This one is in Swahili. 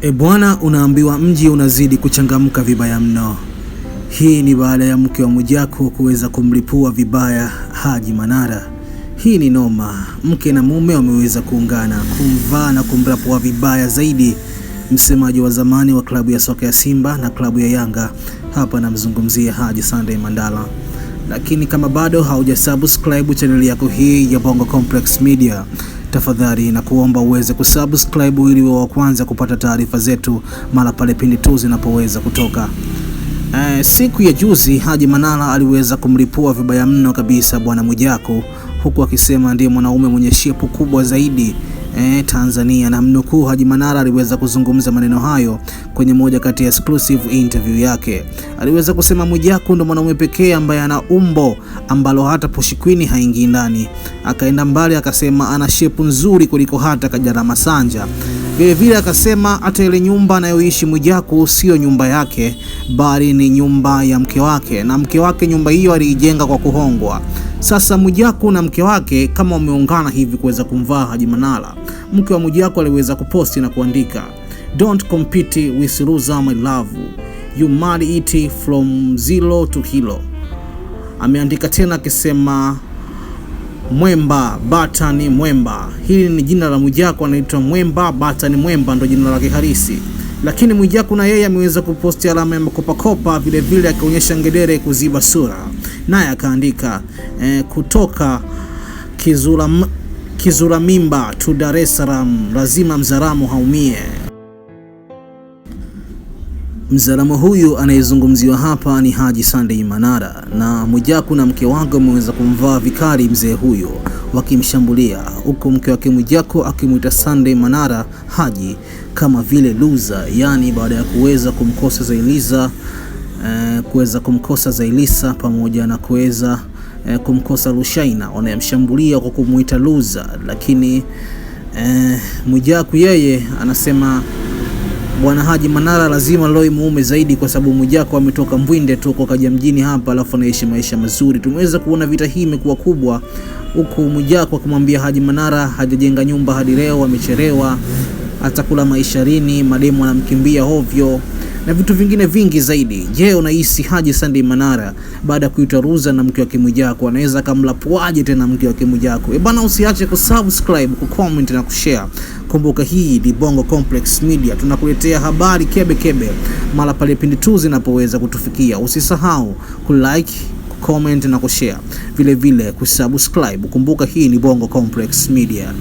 E bwana, unaambiwa mji unazidi kuchangamka vibaya mno. Hii ni baada ya mke wa Mwijaku kuweza kumlipua vibaya Haji Manara. Hii ni noma, mke na mume wameweza kuungana kumvaa na kumrapua vibaya zaidi msemaji wa zamani wa klabu ya soka ya Simba na klabu ya Yanga. Hapa namzungumzia Haji Sunday Mandala. Lakini kama bado hauja subscribe chaneli yako hii ya Bongo Complex Media tafadhali na kuomba uweze kusubscribe ili wa kwanza kupata taarifa zetu mara pale pindi tu zinapoweza kutoka. E, siku ya juzi Haji Manara aliweza kumlipua vibaya mno kabisa bwana Mwijaku, huku akisema ndiye mwanaume mwenye shepu kubwa zaidi e, Tanzania. Na mnukuu, Haji Manara aliweza kuzungumza maneno hayo kwenye moja kati ya exclusive interview yake. Aliweza kusema Mwijaku ndo mwanaume pekee ambaye ana umbo ambalo hata Push Queen haingii ndani. Akaenda mbali akasema ana shepu nzuri kuliko hata Kajala Masanja. Vilevile akasema hata ile nyumba anayoishi Mwijaku siyo nyumba yake, bali ni nyumba ya mke wake, na mke wake nyumba hiyo aliijenga kwa kuhongwa. Sasa Mwijaku na mke wake kama wameungana hivi kuweza kumvaa Haji Manara. Mke wa Mwijaku aliweza kuposti na kuandika Don't compete with Ruza my love. You marry it from zero to hero. Ameandika tena akisema Mwemba Bata ni Mwemba. Hili ni jina la Mwijaku, anaitwa Mwemba Bata ni Mwemba, ndo jina lake halisi. Lakini Mwijaku na yeye ameweza kuposti alama ya makopakopa vilevile, akionyesha ngedere kuziba sura naye akaandika e, kutoka kizura kizura mimba tu Dar es Salaam, lazima mzaramu haumie. mzaramu huyu anayezungumziwa hapa ni Haji Sunday Manara na Mwijaku na mke wake wameweza kumvaa vikali mzee huyo wakimshambulia, huku mke wake Mwijaku akimwita Sunday Manara Haji kama vile loser, yaani baada ya kuweza kumkosa Zailiza Eh, kuweza kumkosa Zailisa pamoja na kuweza e, kumkosa Lushaina. wanayemshambulia kwa kumuita loser, lakini e, Mwijaku yeye anasema Bwana Haji Manara lazima loi muume zaidi, kwa sababu Mwijaku ametoka Mbwinde tu kwa kaja mjini hapa, alafu anaishi maisha mazuri. Tumeweza kuona vita hii imekuwa kubwa, huku Mwijaku akimwambia Haji Manara hajajenga nyumba hadi leo, amecherewa, atakula maisha lini? Mademu anamkimbia hovyo na vitu vingine vingi zaidi. Je, unahisi Haji Sandi Manara baada ya kuitwa ruza na mke wa Kimwijaku anaweza akamlapuaje tena mke wa Kimwijaku? E eh bana, usiache kusubscribe, kucomment na kushare. Kumbuka hii ni Bongo Complex Media, tunakuletea habari kebekebe kebe mara pale pindi tu zinapoweza kutufikia. Usisahau kulike comment na kushare vile vile kusubscribe. Kumbuka hii ni Bongo Complex Media.